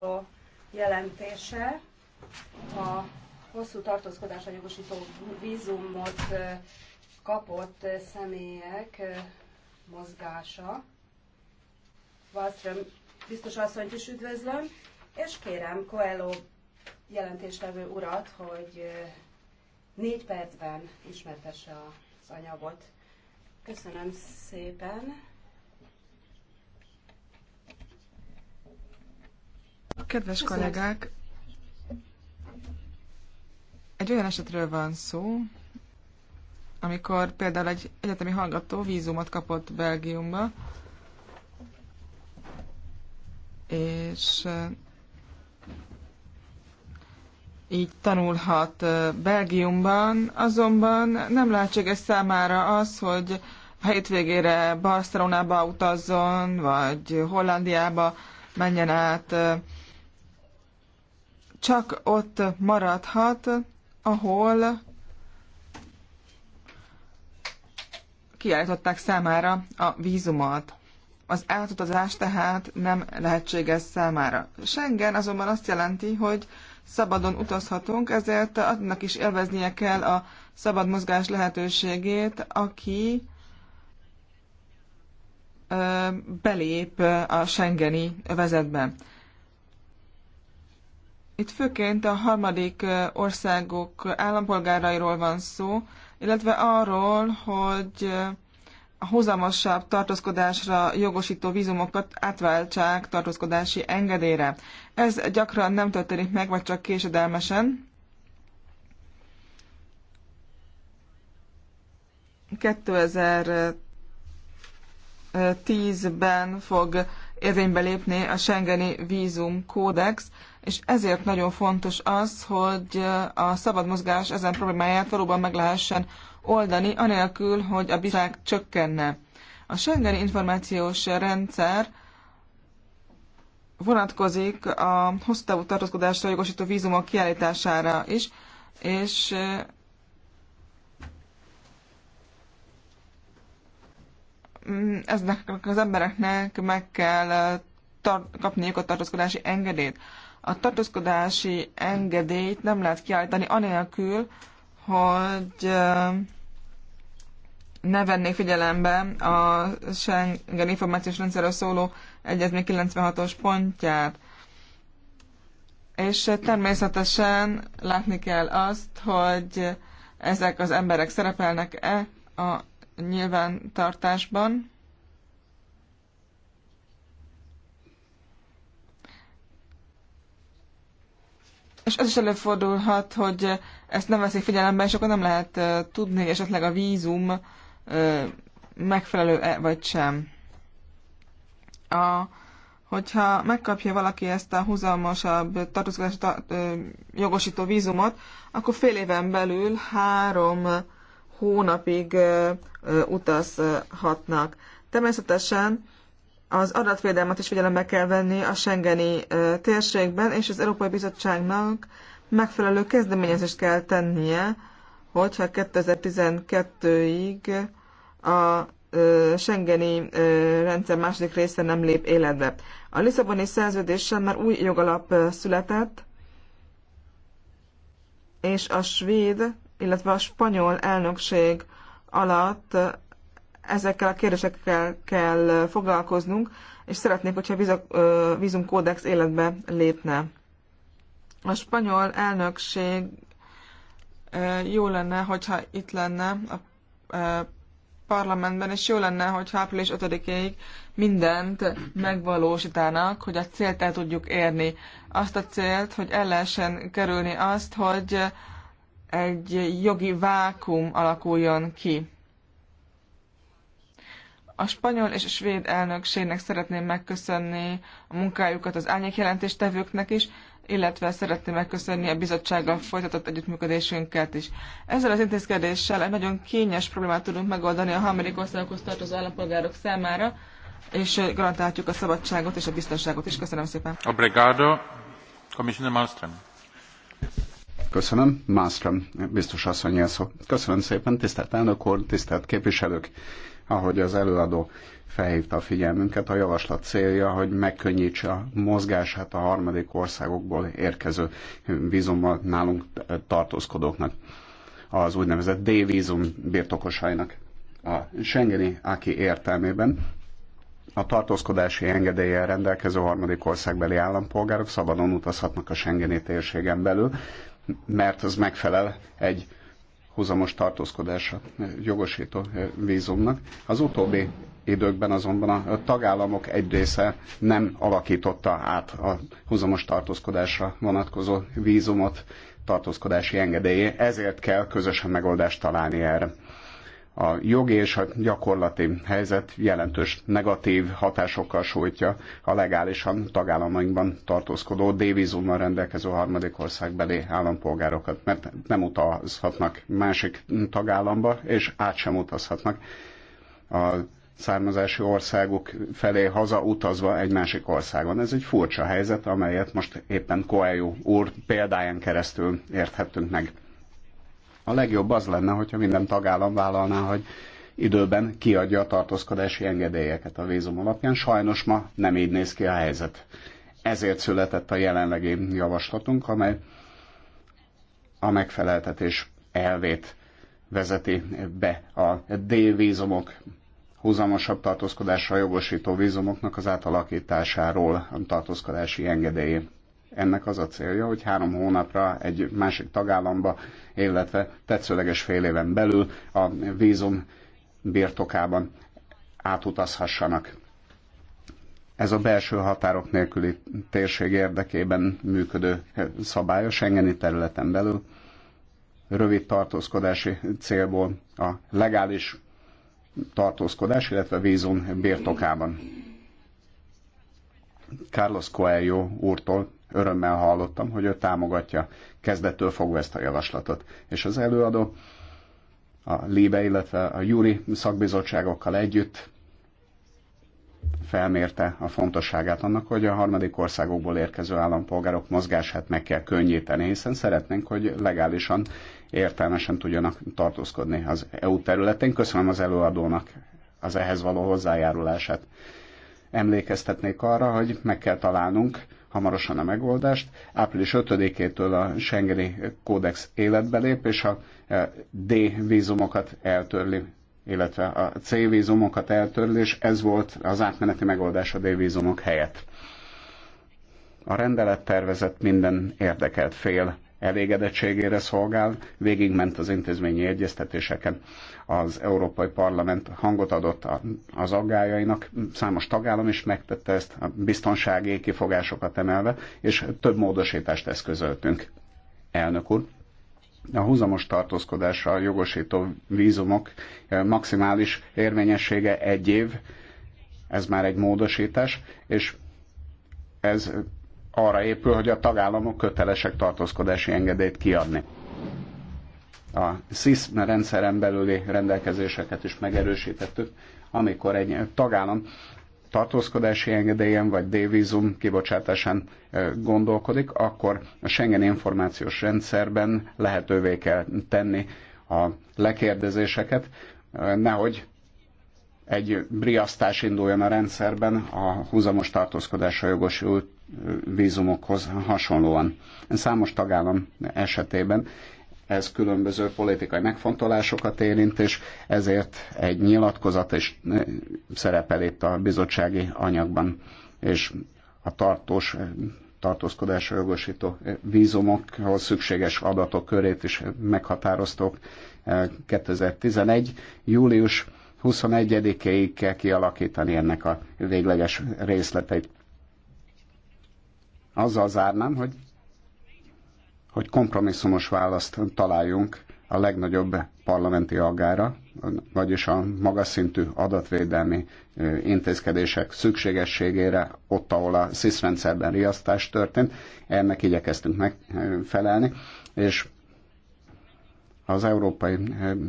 a jelentése a hosszú tartózkodásra jogosító vízumot kapott személyek mozgása. Wallström biztos asszonyt is üdvözlöm, és kérem Coelho jelentéstevő urat, hogy négy percben ismertesse az anyagot. Köszönöm szépen! Kedves kollégák, egy olyan esetről van szó, amikor például egy egyetemi hallgató vízumot kapott Belgiumba, és így tanulhat Belgiumban, azonban nem lehetséges számára az, hogy a hétvégére Barcelonába utazzon, vagy Hollandiába menjen át csak ott maradhat, ahol kiállították számára a vízumot. Az átutazás tehát nem lehetséges számára. Schengen azonban azt jelenti, hogy szabadon utazhatunk, ezért annak is élveznie kell a szabad mozgás lehetőségét, aki belép a Schengeni vezetbe. Itt főként a harmadik országok állampolgárairól van szó, illetve arról, hogy a hozamosabb tartózkodásra jogosító vízumokat átváltsák tartózkodási engedélyre. Ez gyakran nem történik meg, vagy csak késedelmesen. 2010-ben fog érvénybe lépné a Schengeni vízum kódex, és ezért nagyon fontos az, hogy a szabad mozgás ezen problémáját valóban meg lehessen oldani, anélkül, hogy a bizottság csökkenne. A Schengeni információs rendszer vonatkozik a hosszú távú tartózkodásra jogosító vízumok kiállítására is, és Mm, ezeknek az embereknek meg kell tar- kapniuk a tartózkodási engedélyt. A tartózkodási engedélyt nem lehet kiállítani anélkül, hogy ne vennék figyelembe a Schengen információs rendszerről szóló egyezmény 96-os pontját. És természetesen látni kell azt, hogy ezek az emberek szerepelnek-e a nyilvántartásban. És az is előfordulhat, hogy ezt nem veszik figyelembe, és akkor nem lehet tudni, hogy esetleg a vízum megfelelő-e vagy sem. A, hogyha megkapja valaki ezt a húzalmasabb, tartózkodási ta, jogosító vízumot, akkor fél éven belül három hónapig utazhatnak. Természetesen az adatvédelmet is figyelembe kell venni a Schengeni térségben, és az Európai Bizottságnak megfelelő kezdeményezést kell tennie, hogyha 2012-ig a Schengeni rendszer második része nem lép életbe. A Lisszaboni szerződéssel már új jogalap született, és a svéd illetve a spanyol elnökség alatt ezekkel a kérdésekkel kell foglalkoznunk, és szeretnék, hogyha vízumkódex életbe lépne. A spanyol elnökség jó lenne, hogyha itt lenne a parlamentben, és jó lenne, hogy április 5-ig mindent megvalósítanak, hogy a célt el tudjuk érni. Azt a célt, hogy el lehessen kerülni azt, hogy egy jogi vákum alakuljon ki. A spanyol és a svéd elnökségnek szeretném megköszönni a munkájukat az tevőknek is, illetve szeretném megköszönni a bizottsággal folytatott együttműködésünket is. Ezzel az intézkedéssel egy nagyon kényes problémát tudunk megoldani a harmadik országokhoz tartozó állampolgárok számára, és garantáljuk a szabadságot és a biztonságot is. Köszönöm szépen. Obrigado. Commissioner Malmström. Köszönöm. Mászkram, biztos asszony szó. Köszönöm szépen, tisztelt elnök úr, tisztelt képviselők. Ahogy az előadó felhívta a figyelmünket, a javaslat célja, hogy megkönnyítse a mozgását a harmadik országokból érkező vízummal nálunk tartózkodóknak, az úgynevezett D-vízum birtokosainak. A Schengeni aki értelmében a tartózkodási engedéllyel rendelkező harmadik országbeli állampolgárok szabadon utazhatnak a Schengeni térségen belül, mert ez megfelel egy húzamos tartózkodásra jogosító eh, vízumnak. Az utóbbi időkben azonban a tagállamok egy része nem alakította át a húzamos tartózkodásra vonatkozó vízumot tartózkodási engedélyé, ezért kell közösen megoldást találni erre a jogi és a gyakorlati helyzet jelentős negatív hatásokkal sújtja a legálisan tagállamainkban tartózkodó dévízummal rendelkező harmadik országbeli állampolgárokat, mert nem utazhatnak másik tagállamba, és át sem utazhatnak a származási országuk felé haza utazva egy másik országon. Ez egy furcsa helyzet, amelyet most éppen Coelho úr példáján keresztül érthettünk meg. A legjobb az lenne, hogyha minden tagállam vállalná, hogy időben kiadja a tartózkodási engedélyeket a vízum alapján. Sajnos ma nem így néz ki a helyzet. Ezért született a jelenlegi javaslatunk, amely a megfeleltetés elvét vezeti be a D-vízumok húzamosabb tartózkodásra jogosító vízumoknak az átalakításáról a tartózkodási engedélyét. Ennek az a célja, hogy három hónapra egy másik tagállamba, illetve tetszőleges fél éven belül a vízum birtokában átutazhassanak. Ez a belső határok nélküli térség érdekében működő szabályos Schengeni területen belül rövid tartózkodási célból a legális tartózkodás, illetve vízum birtokában. Carlos Coelho úrtól örömmel hallottam, hogy ő támogatja kezdettől fogva ezt a javaslatot. És az előadó a Libe, illetve a Júri szakbizottságokkal együtt felmérte a fontosságát annak, hogy a harmadik országokból érkező állampolgárok mozgását meg kell könnyíteni, hiszen szeretnénk, hogy legálisan, értelmesen tudjanak tartózkodni az EU területén. Köszönöm az előadónak az ehhez való hozzájárulását. Emlékeztetnék arra, hogy meg kell találnunk hamarosan a megoldást. Április 5-től a Schengeni kódex életbe lép, és a e, D vízumokat eltörli illetve a C vízumokat és ez volt az átmeneti megoldás a D vízumok helyett. A rendelet tervezett minden érdekelt fél elégedettségére szolgál, végigment az intézményi egyeztetéseken. Az Európai Parlament hangot adott az aggájainak, számos tagállam is megtette ezt, a biztonsági kifogásokat emelve, és több módosítást eszközöltünk. Elnök úr, a húzamos tartózkodásra jogosító vízumok eh, maximális érvényessége egy év, ez már egy módosítás, és ez arra épül, hogy a tagállamok kötelesek tartózkodási engedélyt kiadni. A SIS rendszeren belüli rendelkezéseket is megerősítettük, amikor egy tagállam tartózkodási engedélyen vagy D-vízum kibocsátásán gondolkodik, akkor a Schengen információs rendszerben lehetővé kell tenni a lekérdezéseket, nehogy egy briasztás induljon a rendszerben a húzamos tartózkodásra jogosult vízumokhoz hasonlóan. Számos tagállam esetében ez különböző politikai megfontolásokat érint, és ezért egy nyilatkozat is eh, szerepel itt a bizottsági anyagban, és a tartós eh, tartózkodásra jogosító eh, vízumokhoz szükséges adatok körét is meghatároztok 2011. július 21-éig kell kialakítani ennek a végleges részleteit azzal zárnám, hogy, hogy kompromisszumos választ találjunk a legnagyobb parlamenti aggára, vagyis a magas szintű adatvédelmi intézkedések szükségességére, ott, ahol a SZISZ rendszerben riasztás történt, ennek igyekeztünk megfelelni, és az Európai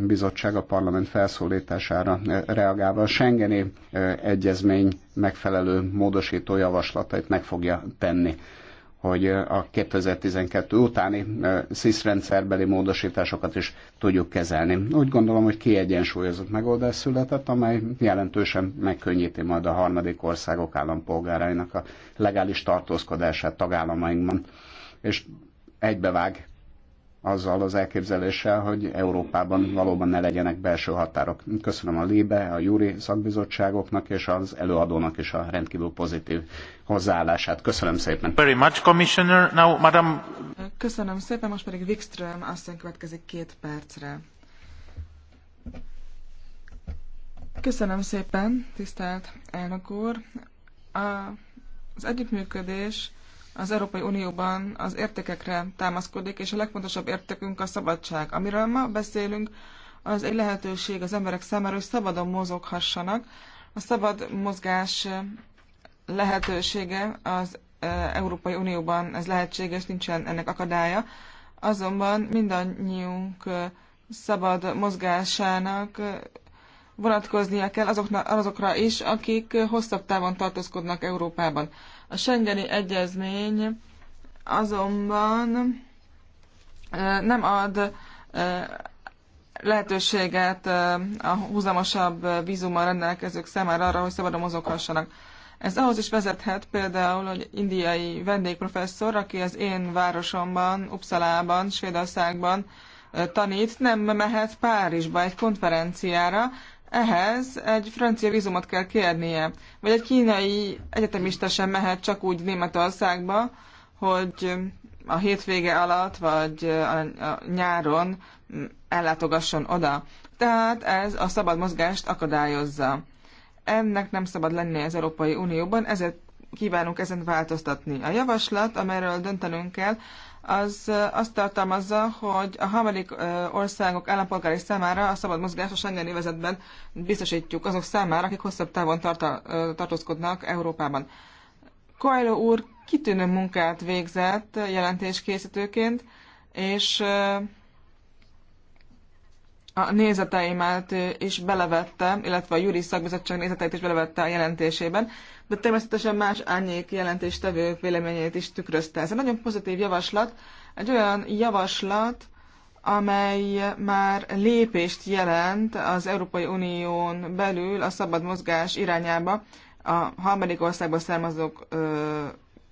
Bizottság a parlament felszólítására reagálva a Schengeni Egyezmény megfelelő módosító javaslatait meg fogja tenni hogy a 2012 utáni SZISZ rendszerbeli módosításokat is tudjuk kezelni. Úgy gondolom, hogy kiegyensúlyozott megoldás született, amely jelentősen megkönnyíti majd a harmadik országok állampolgárainak a legális tartózkodását tagállamainkban. És egybevág azzal az elképzeléssel, hogy Európában valóban ne legyenek belső határok. Köszönöm a Libe, a Júri szakbizottságoknak és az előadónak is a rendkívül pozitív hozzáállását. Köszönöm szépen. Very much, Commissioner. Now, Madam... Köszönöm szépen, most pedig Wikström aztán következik két percre. Köszönöm szépen, tisztelt elnök úr. A, az együttműködés az Európai Unióban az értékekre támaszkodik, és a legfontosabb értékünk a szabadság. Amiről ma beszélünk, az egy lehetőség az emberek számára, hogy szabadon mozoghassanak. A szabad mozgás lehetősége az e, Európai Unióban ez lehetséges, nincsen ennek akadálya. Azonban mindannyiunk e, szabad mozgásának e, vonatkoznia kell azokra is, akik hosszabb távon tartózkodnak Európában. A Schengeni Egyezmény azonban nem ad lehetőséget a húzamosabb vízummal rendelkezők számára arra, hogy szabadon mozoghassanak. Ez ahhoz is vezethet például, hogy indiai vendégprofesszor, aki az én városomban, Uppsalában, Svédországban tanít, nem mehet Párizsba egy konferenciára, ehhez egy francia vízumot kell kérnie, vagy egy kínai egyetemista sem mehet csak úgy Németországba, hogy a hétvége alatt, vagy a nyáron ellátogasson oda. Tehát ez a szabad mozgást akadályozza. Ennek nem szabad lennie az Európai Unióban, ezért kívánunk ezen változtatni. A javaslat, amelyről döntenünk kell, az azt tartalmazza, hogy a harmadik országok állampolgári számára a szabad mozgás a Schengen évezetben biztosítjuk azok számára, akik hosszabb távon tarta, tartózkodnak Európában. Koelho úr kitűnő munkát végzett jelentéskészítőként, és a nézeteimet is belevette, illetve a juri szakbizottság nézeteit is belevette a jelentésében, de természetesen más árnyék jelentéstevők véleményét is tükrözte. Ez egy nagyon pozitív javaslat, egy olyan javaslat, amely már lépést jelent az Európai Unión belül a szabad mozgás irányába a harmadik országba származók ö,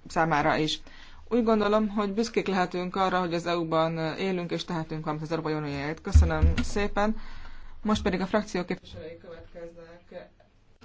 számára is. Úgy gondolom, hogy büszkék lehetünk arra, hogy az EU-ban élünk és tehetünk valamit az Európai Unióért. Köszönöm szépen. Most pedig a frakció képviselői következnek.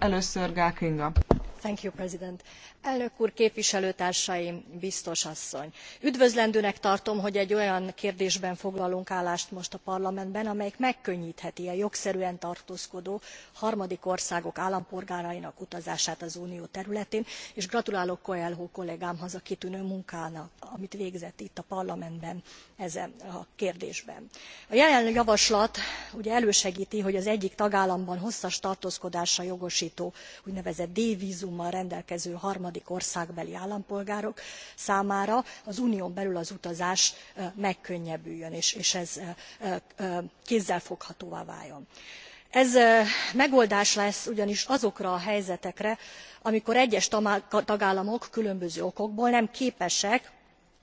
Először Gál Kinga. Thank you, President. Elnök úr, képviselőtársaim, biztos asszony! Üdvözlendőnek tartom, hogy egy olyan kérdésben foglalunk állást most a parlamentben, amelyik megkönnyítheti a jogszerűen tartózkodó harmadik országok állampolgárainak utazását az unió területén, és gratulálok Coelho kollégámhoz a kitűnő munkának, amit végzett itt a parlamentben ezen a kérdésben. A jelen javaslat ugye elősegíti, hogy az egyik tagállamban hosszas tartózkodásra jogosít biztostó úgynevezett d vzummal rendelkező harmadik országbeli állampolgárok számára az unión belül az utazás megkönnyebbüljön és ez kézzelfoghatóvá váljon. ez megoldás lesz ugyanis azokra a helyzetekre amikor egyes tagállamok különböző okokból nem képesek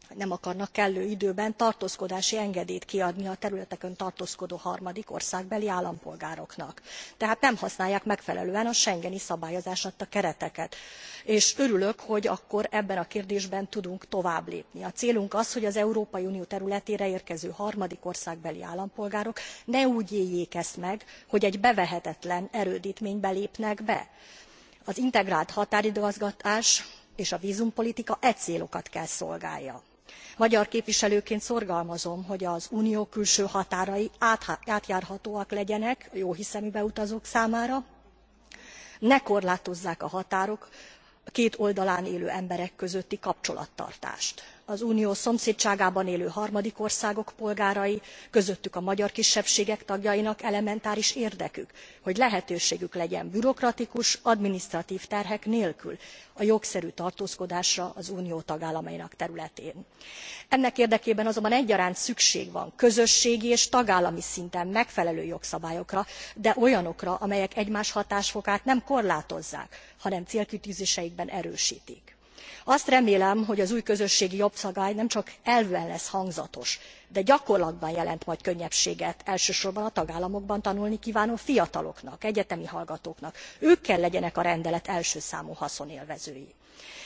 vagy nem akarnak kellő időben tartózkodási engedélyt kiadni a területeken tartózkodó harmadik országbeli állampolgároknak tehát nem használják megfelelően a schengeni szabályozás adta kereteket és örülök hogy akkor ebben a kérdésben tudunk továbblépni. a célunk az hogy az európai unió területére érkező harmadik országbeli állampolgárok ne úgy éljék ezt meg hogy egy bevehetetlen erődtménybe lépnek be. az integrált határigazgatás és a vzumpolitika e célokat kell szolgálja magyar képviselőként szorgalmazom hogy az unió külső határai átjárhatóak legyenek a jóhiszemű beutazók számára ne korlátozzák a határok a két oldalán élő emberek közötti kapcsolattartást az unió szomszédságában élő harmadik országok polgárai közöttük a magyar kisebbségek tagjainak elementáris érdekük hogy lehetőségük legyen bürokratikus adminisztratv terhek nélkül a jogszerű tartózkodásra az unió tagállamainak területén. ennek érdekében azonban egyaránt szükség van közösségi és tagállami szinten megfelelő jogszabályokra de olyanokra amelyek egymás hatásfokát nem korlátozzák hanem célkitűzéseikben erőstik azt remélem hogy az új közösségi jogszabály nemcsak elvben lesz hangzatos de gyakorlatban jelent majd könnyebbséget elsősorban a tagállamokban tanulni kvánó fiataloknak egyetemi hallgatóknak. ők kell legyenek a rendelet első számú haszonélvezői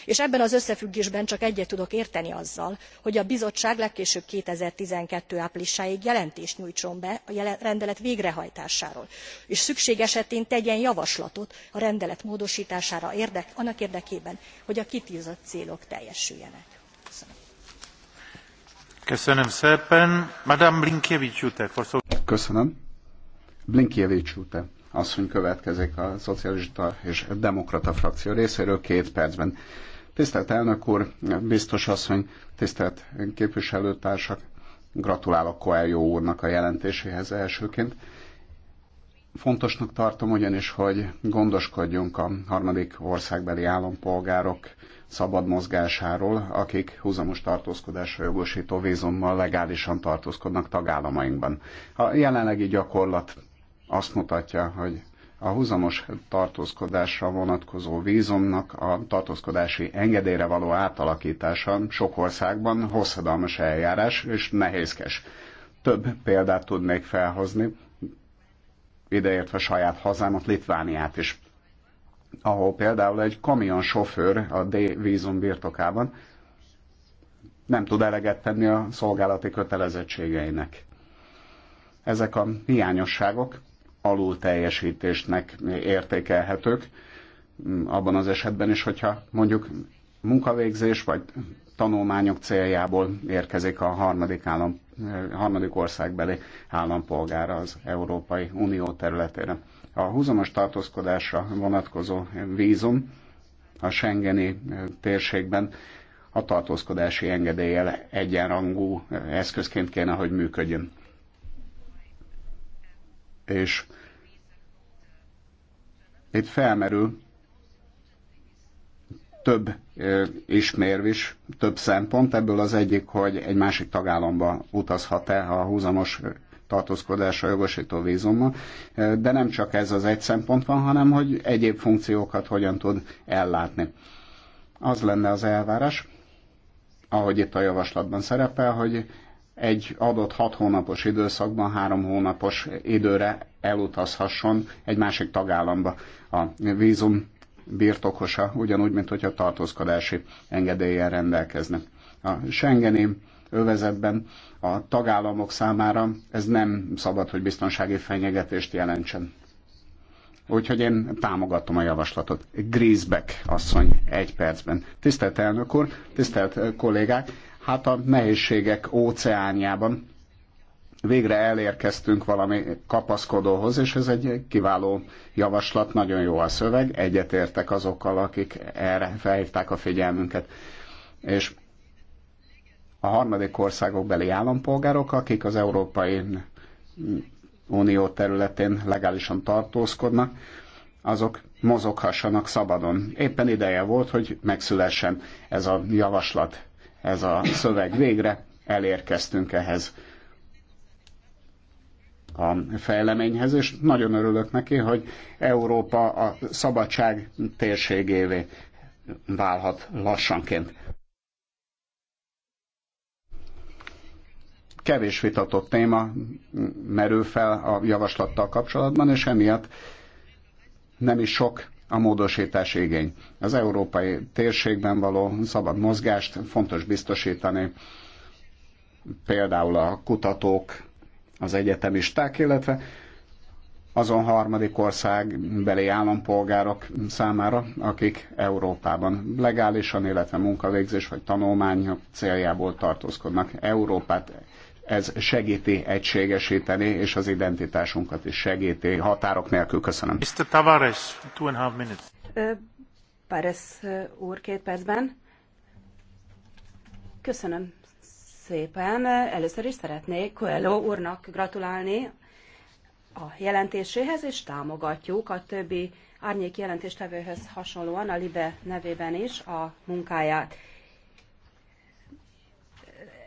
és ebben az összefüggésben csak egyet tudok érteni azzal hogy a bizottság legkésőbb two thousand and twelve áprilisáig jelentést nyújtson be a rendelet végrehajtásáról és szükség esetén tegyen javaslatot a rendelet módostására annak érdekében hogy a kitűzött célok teljesüljenek. köszönöm. szépen. madame asszony következik a szocialista és demokrata frakció részéről két percben. Tisztelt elnök úr, biztos asszony, tisztelt képviselőtársak, gratulálok jó úrnak a jelentéséhez elsőként. Fontosnak tartom ugyanis, hogy gondoskodjunk a harmadik országbeli állampolgárok szabad mozgásáról, akik húzamos tartózkodásra jogosító vízummal legálisan tartózkodnak tagállamainkban. A jelenlegi gyakorlat azt mutatja, hogy a húzamos tartózkodásra vonatkozó vízumnak a tartózkodási engedélyre való átalakítása sok országban hosszadalmas eljárás és nehézkes. Több példát tudnék felhozni, ideértve saját hazámat, Litvániát is, ahol például egy kamion sofőr a D vízum birtokában nem tud eleget tenni a szolgálati kötelezettségeinek. Ezek a hiányosságok alul teljesítésnek értékelhetők, mm, abban az esetben is, hogyha mondjuk munkavégzés vagy tanulmányok céljából érkezik a harmadik, állam, eh, harmadik országbeli állampolgára az Európai Unió területére. A húzamos tartózkodásra vonatkozó vízum a Schengeni eh, térségben a tartózkodási engedéllyel egyenrangú eh, eszközként kéne, hogy működjön. És itt felmerül több ismérv is, több szempont. Ebből az egyik, hogy egy másik tagállamba utazhat-e a húzamos tartózkodásra jogosító vízummal, de nem csak ez az egy szempont van, hanem hogy egyéb funkciókat hogyan tud ellátni. Az lenne az elvárás, ahogy itt a javaslatban szerepel, hogy egy adott hat hónapos időszakban, három hónapos időre elutazhasson egy másik tagállamba a vízum birtokosa, ugyanúgy, mint hogyha tartózkodási engedéllyel rendelkezne. A Schengeni övezetben a tagállamok számára ez nem szabad, hogy biztonsági fenyegetést jelentsen. Úgyhogy én támogatom a javaslatot. Griesbeck asszony egy percben. Tisztelt elnök úr, tisztelt kollégák, hát a nehézségek óceánjában végre elérkeztünk valami kapaszkodóhoz, és ez egy kiváló javaslat, nagyon jó a szöveg, egyetértek azokkal, akik erre felhívták a figyelmünket. És a harmadik országok beli állampolgárok, akik az Európai Unió területén legálisan tartózkodnak, azok mozoghassanak szabadon. Éppen ideje volt, hogy megszülessen ez a javaslat ez a szöveg végre, elérkeztünk ehhez a fejleményhez, és nagyon örülök neki, hogy Európa a szabadság térségévé válhat lassanként. Kevés vitatott téma merül fel a javaslattal kapcsolatban, és emiatt nem is sok a módosítás igény. Az európai térségben való szabad mozgást fontos biztosítani, például a kutatók, az egyetemisták, illetve azon harmadik ország beli állampolgárok számára, akik Európában legálisan, illetve munkavégzés vagy tanulmányok céljából tartózkodnak. Európát ez segíti egységesíteni, és az identitásunkat is segíti határok nélkül. Köszönöm. Mr. Tavares, two and a half minutes. Párez úr, két percben. Köszönöm szépen. Először is szeretnék Coelho úrnak gratulálni a jelentéséhez, és támogatjuk a többi árnyék jelentéstevőhöz hasonlóan a Libe nevében is a munkáját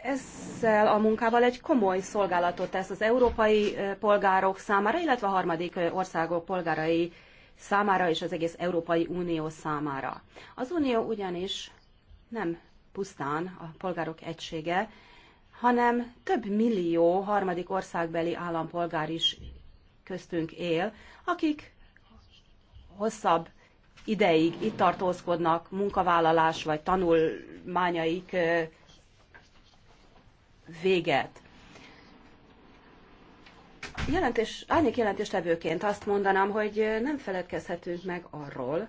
ezzel a munkával egy komoly szolgálatot tesz az európai polgárok számára, illetve a harmadik országok polgárai számára és az egész Európai Unió számára. Az Unió ugyanis nem pusztán a polgárok egysége, hanem több millió harmadik országbeli állampolgár is köztünk él, akik hosszabb ideig itt tartózkodnak munkavállalás vagy tanulmányaik véget. Jelentés, árnyék jelentéstevőként azt mondanám, hogy nem feledkezhetünk meg arról,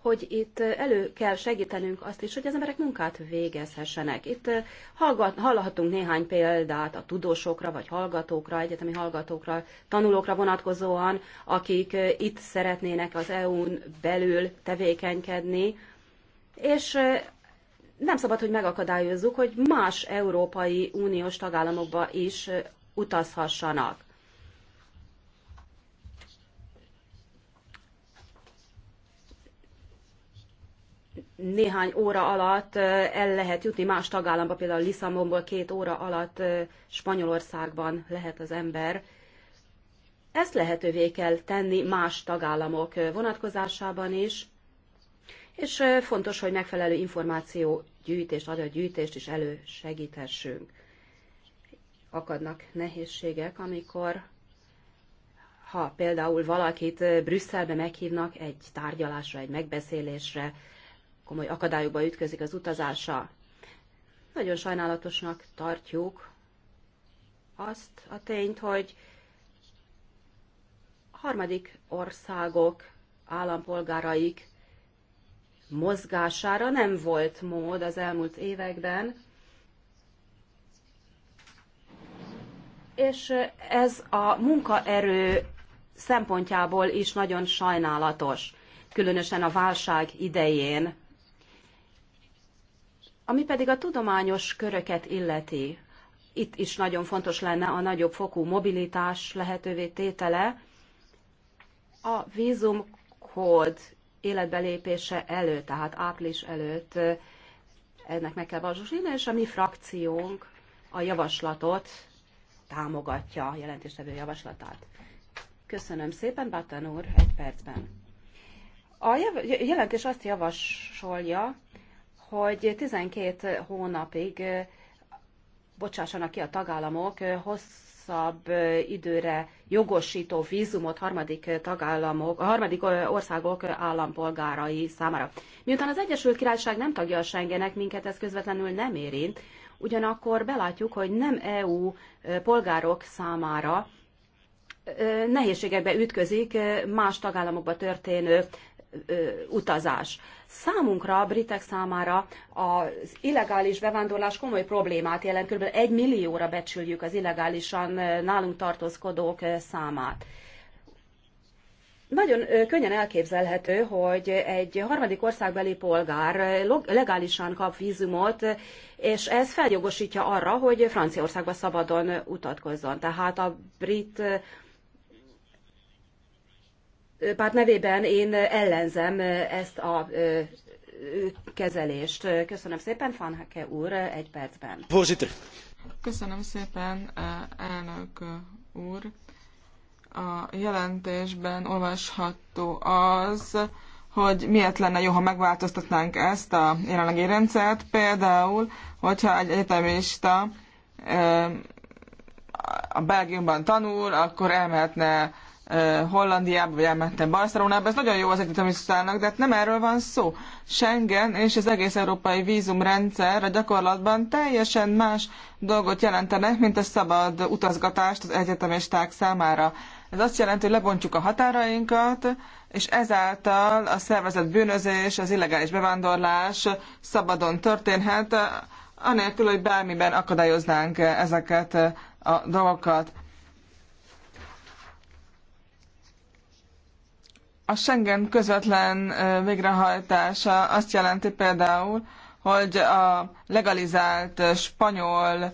hogy itt elő kell segítenünk azt is, hogy az emberek munkát végezhessenek. Itt eh, hallgat, hallhatunk néhány példát a tudósokra, vagy hallgatókra, egyetemi hallgatókra, tanulókra vonatkozóan, akik eh, itt szeretnének az EU-n belül tevékenykedni, és eh, nem szabad, hogy megakadályozzuk, hogy más Európai Uniós tagállamokba is utazhassanak. Néhány óra alatt el lehet jutni más tagállamba, például Lisszabonból két óra alatt Spanyolországban lehet az ember. Ezt lehetővé kell tenni más tagállamok vonatkozásában is és fontos, hogy megfelelő információ gyűjtést, gyűjtést is elősegíthessünk. Akadnak nehézségek, amikor ha például valakit Brüsszelbe meghívnak egy tárgyalásra, egy megbeszélésre, komoly akadályokba ütközik az utazása. Nagyon sajnálatosnak tartjuk azt a tényt, hogy harmadik országok állampolgáraik mozgására nem volt mód az elmúlt években, és ez a munkaerő szempontjából is nagyon sajnálatos, különösen a válság idején. Ami pedig a tudományos köröket illeti, itt is nagyon fontos lenne a nagyobb fokú mobilitás lehetővé tétele. A vízumkód életbe lépése előtt, tehát április előtt ennek meg kell valósulni, és a mi frakciónk a javaslatot támogatja, a jelentéstevő javaslatát. Köszönöm szépen, Bátán úr, egy percben. A jelentés azt javasolja, hogy 12 hónapig bocsássanak ki a tagállamok hossz hosszabb időre jogosító vízumot harmadik tagállamok, a harmadik országok állampolgárai számára. Miután az Egyesült Királyság nem tagja a Schengenek, minket ez közvetlenül nem érint, ugyanakkor belátjuk, hogy nem EU polgárok számára nehézségekbe ütközik más tagállamokba történő utazás. Számunkra, a britek számára az illegális bevándorlás komoly problémát jelent, kb. egy millióra becsüljük az illegálisan nálunk tartózkodók számát. Nagyon könnyen elképzelhető, hogy egy harmadik országbeli polgár legálisan kap vízumot, és ez feljogosítja arra, hogy Franciaországba szabadon utatkozzon. Tehát a brit párt nevében én ellenzem ezt a kezelést. Köszönöm szépen, Fanhake úr, egy percben. Köszönöm szépen, elnök úr. A jelentésben olvasható az, hogy miért lenne jó, ha megváltoztatnánk ezt a jelenlegi rendszert, például, hogyha egy egyetemista a Belgiumban tanul, akkor elmehetne Hollandiába, vagy elmentem Barcelonába. Ez nagyon jó az együttamisztának, de hát nem erről van szó. Schengen és az egész európai vízumrendszer a gyakorlatban teljesen más dolgot jelentenek, mint a szabad utazgatást az egyetemisták számára. Ez azt jelenti, hogy lebontjuk a határainkat, és ezáltal a szervezett bűnözés, az illegális bevándorlás szabadon történhet, anélkül, hogy bármiben akadályoznánk ezeket a dolgokat. A Schengen közvetlen végrehajtása azt jelenti például, hogy a legalizált spanyol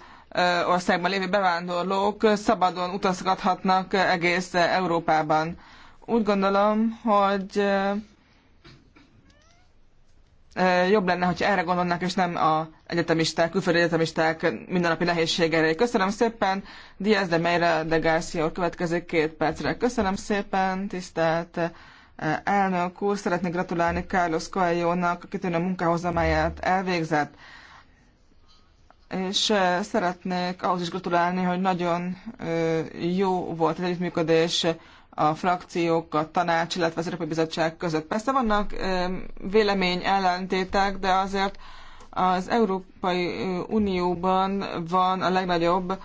országban lévő bevándorlók szabadon utazgathatnak egész Európában. Úgy gondolom, hogy jobb lenne, hogy erre gondolnak, és nem a egyetemisták, külföldi egyetemisták mindennapi nehézségeire. Köszönöm szépen, Diaz de Meira de Garcia úr következik két percre. Köszönöm szépen, tisztelt Elnök úr, szeretnék gratulálni Carlos Coelho-nak a kitűnő munkához, amelyet elvégzett. És szeretnék ahhoz is gratulálni, hogy nagyon jó volt az együttműködés a frakciók, a tanács, illetve az Európai Bizottság között. Persze vannak vélemény ellentétek, de azért az Európai Unióban van a legnagyobb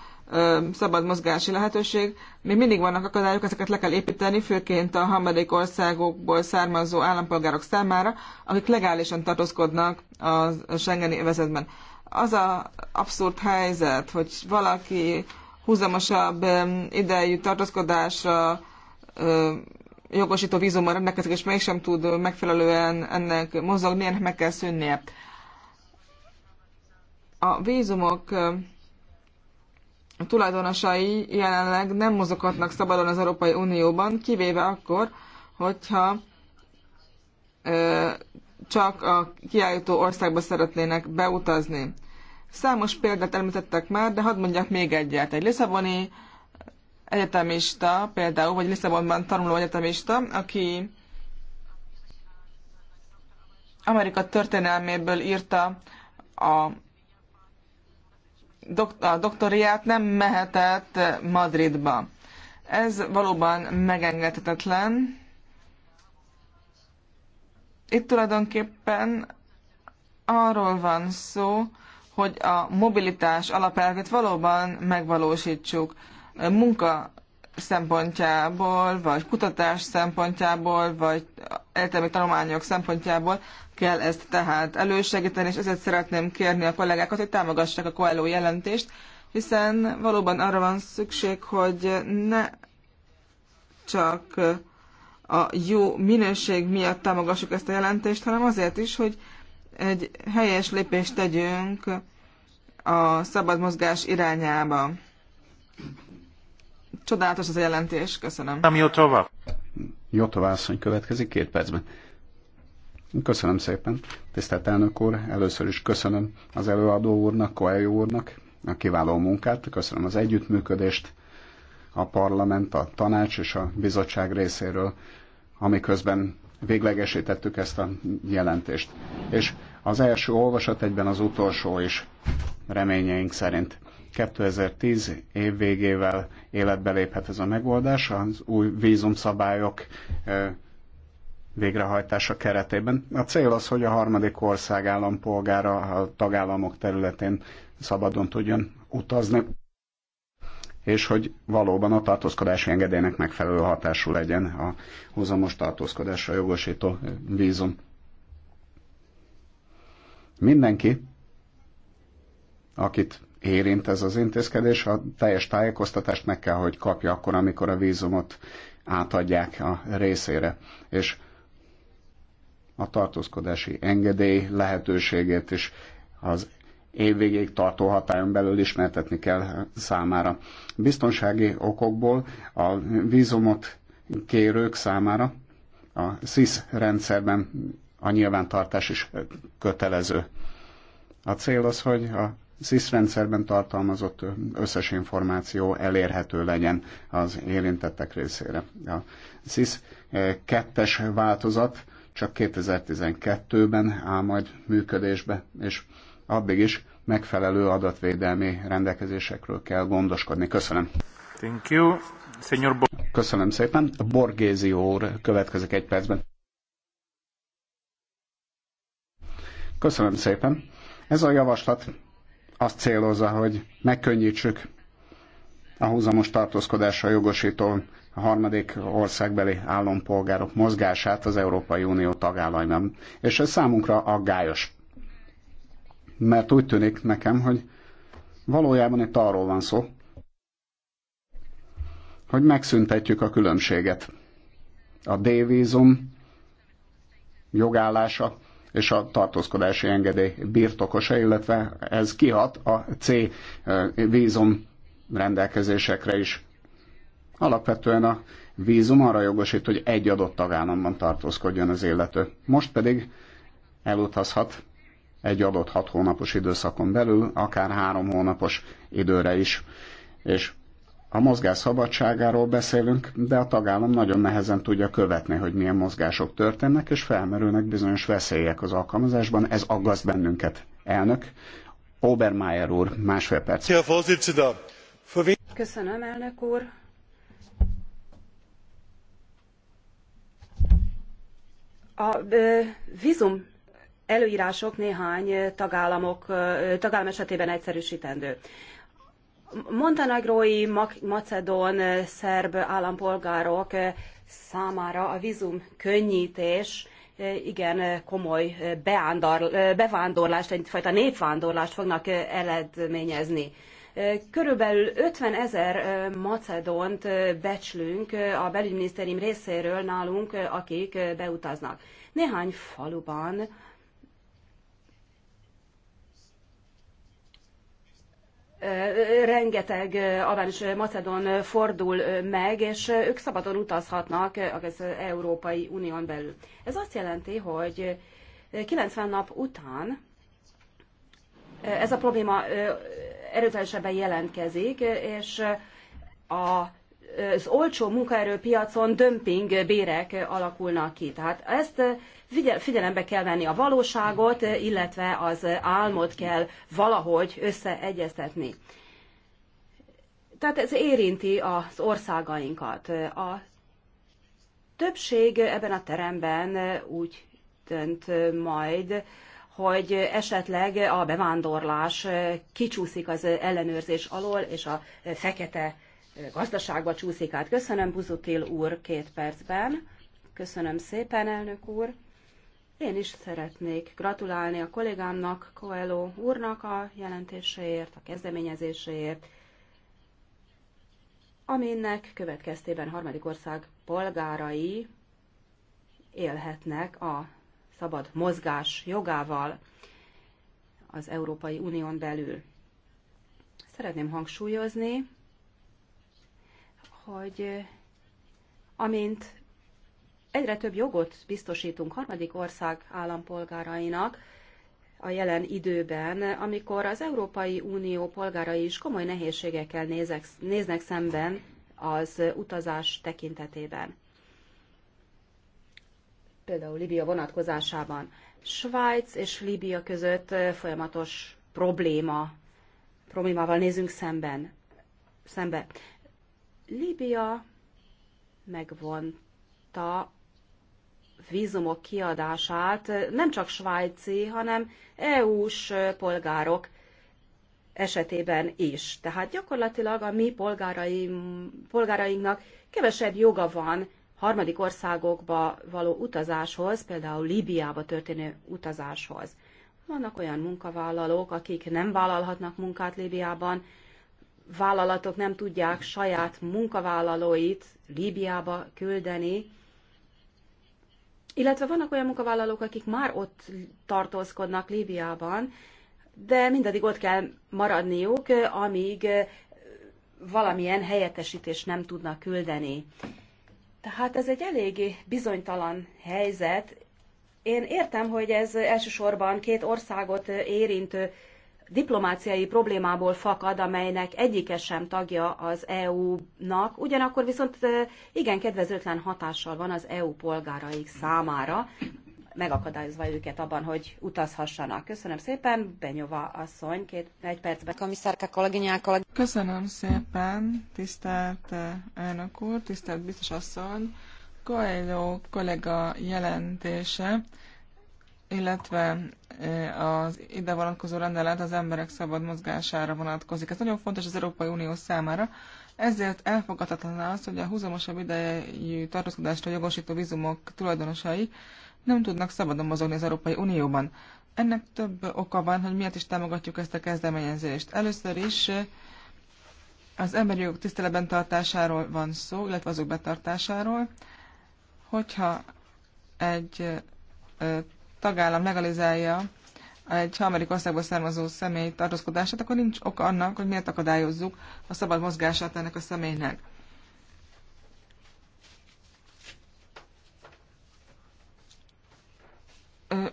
szabad mozgási lehetőség. Még mindig vannak akadályok, ezeket le kell építeni, főként a harmadik országokból származó állampolgárok számára, akik legálisan tartózkodnak a Schengeni övezetben. Az a abszurd helyzet, hogy valaki húzamosabb idejű tartózkodásra jogosító vízummal rendelkezik, és mégsem tud megfelelően ennek mozogni, ennek meg kell szűnnie. A vízumok tulajdonosai jelenleg nem mozoghatnak szabadon az Európai Unióban, kivéve akkor, hogyha ö, csak a kiállító országba szeretnének beutazni. Számos példát említettek már, de hadd mondjak még egyet. Egy lisszaboni egyetemista, például, vagy Lisszabonban tanuló egyetemista, aki Amerika történelméből írta a a doktoriát nem mehetett Madridba. Ez valóban megengedhetetlen. Itt tulajdonképpen arról van szó, hogy a mobilitás alapelvét valóban megvalósítsuk. Munka szempontjából, vagy kutatás szempontjából, vagy egyetemi tanulmányok szempontjából kell ezt tehát elősegíteni, és ezért szeretném kérni a kollégákat, hogy támogassák a Coelho jelentést, hiszen valóban arra van szükség, hogy ne csak a jó minőség miatt támogassuk ezt a jelentést, hanem azért is, hogy egy helyes lépést tegyünk a szabad mozgás irányába. Csodálatos az a jelentés, köszönöm. Nem jó tovább asszony következik két percben. Köszönöm szépen. Tisztelt elnök úr, először is köszönöm az előadó úrnak, Koelyó úrnak a kiváló munkát, köszönöm az együttműködést a parlament, a tanács és a bizottság részéről, amiközben véglegesítettük ezt a jelentést. És az első olvasat egyben az utolsó is reményeink szerint. 2010 év végével életbe léphet ez a megoldás az új vízumszabályok végrehajtása keretében. A cél az, hogy a harmadik ország állampolgára a tagállamok területén szabadon tudjon utazni, és hogy valóban a tartózkodási engedélynek megfelelő hatású legyen a húzamos tartózkodásra jogosító vízum. Mindenki, akit érint ez az intézkedés, a teljes tájékoztatást meg kell, hogy kapja akkor, amikor a vízumot átadják a részére. És a tartózkodási engedély lehetőségét is az évvégéig tartó hatályon belül ismertetni kell számára. Biztonsági okokból a vízumot kérők számára a SIS rendszerben a nyilvántartás is kötelező. A cél az, hogy a SIS rendszerben tartalmazott összes információ elérhető legyen az érintettek részére. A SIS kettes változat csak 2012-ben áll majd működésbe, és addig is megfelelő adatvédelmi rendelkezésekről kell gondoskodni. Köszönöm. Thank you. Señor Bo- Köszönöm szépen. Borgézi úr következik egy percben. Köszönöm szépen. Ez a javaslat azt célozza, hogy megkönnyítsük a húzamos tartózkodásra jogosító a harmadik országbeli állampolgárok mozgását az Európai Unió tagállamban. És ez számunkra aggályos. Mert úgy tűnik nekem, hogy valójában itt arról van szó, hogy megszüntetjük a különbséget. A D-vízum jogállása és a tartózkodási engedély birtokosa, illetve ez kihat a C eh, vízum rendelkezésekre is. Alapvetően a vízum arra jogosít, hogy egy adott tagállamban tartózkodjon az illető. Most pedig elutazhat egy adott hat hónapos időszakon belül, akár három hónapos időre is. És a mozgás szabadságáról beszélünk, de a tagállam nagyon nehezen tudja követni, hogy milyen mozgások történnek, és felmerülnek bizonyos veszélyek az alkalmazásban. Ez aggaszt bennünket. Elnök, Obermeier úr, másfél perc. Köszönöm, elnök úr. A vízum előírások néhány tagállamok, tagállam esetében egyszerűsítendő montenegrói, macedón, szerb állampolgárok eh, számára a vízum könnyítés eh, igen eh, komoly bevándorlást, egyfajta népvándorlást fognak eledményezni. Körülbelül 50 ezer macedont becslünk a belügyminisztérium részéről nálunk, akik beutaznak. Néhány faluban rengeteg albán és macedon fordul meg, és ők szabadon utazhatnak az Európai Unión belül. Ez azt jelenti, hogy 90 nap után ez a probléma erőteljesebben jelentkezik, és a az olcsó munkaerőpiacon dömping bérek alakulnak ki. Tehát ezt figyelembe kell venni a valóságot, illetve az álmot kell valahogy összeegyeztetni. Tehát ez érinti az országainkat. A többség ebben a teremben úgy dönt majd, hogy esetleg a bevándorlás kicsúszik az ellenőrzés alól, és a fekete gazdaságba csúszik át. Köszönöm Buzutil úr két percben. Köszönöm szépen, elnök úr. Én is szeretnék gratulálni a kollégámnak, Coelho úrnak a jelentéséért, a kezdeményezéséért, aminek következtében harmadik ország polgárai élhetnek a szabad mozgás jogával az Európai Unión belül. Szeretném hangsúlyozni, hogy amint egyre több jogot biztosítunk harmadik ország állampolgárainak a jelen időben, amikor az Európai Unió polgárai is komoly nehézségekkel nézek, néznek szemben az utazás tekintetében. Például Libia vonatkozásában. Svájc és Libia között folyamatos probléma, problémával nézünk szemben. Szembe. Libia megvonta vízumok kiadását nem csak svájci, hanem EU-s polgárok esetében is. Tehát gyakorlatilag a mi polgáraim, polgárainknak kevesebb joga van harmadik országokba való utazáshoz, például Líbiába történő utazáshoz. Vannak olyan munkavállalók, akik nem vállalhatnak munkát Líbiában, vállalatok nem tudják saját munkavállalóit Líbiába küldeni, illetve vannak olyan munkavállalók, akik már ott tartózkodnak Líbiában, de mindaddig ott kell maradniuk, amíg eh, valamilyen helyettesítést nem tudnak küldeni. Tehát ez egy eléggé bizonytalan helyzet. Én értem, hogy ez elsősorban két országot érintő diplomáciai problémából fakad, amelynek egyike sem tagja az EU-nak, ugyanakkor viszont igen kedvezőtlen hatással van az EU polgáraik számára, megakadályozva őket abban, hogy utazhassanak. Köszönöm szépen, Benyova asszony, két, egy percben. Komisszárka kolléginyá kolleg... Köszönöm szépen, tisztelt elnök úr, tisztelt biztos asszony. Coelho kollega jelentése illetve az ide vonatkozó rendelet az emberek szabad mozgására vonatkozik. Ez nagyon fontos az Európai Unió számára, ezért elfogadhatatlan az, hogy a húzamosabb idejű tartózkodásra jogosító vízumok tulajdonosai nem tudnak szabadon mozogni az Európai Unióban. Ennek több oka van, hogy miért is támogatjuk ezt a kezdeményezést. Először is az emberi jogok tiszteletben tartásáról van szó, illetve azok betartásáról, hogyha egy tagállam legalizálja egy harmadik országból származó személy tartózkodását, akkor nincs oka annak, hogy miért akadályozzuk a szabad mozgását ennek a személynek.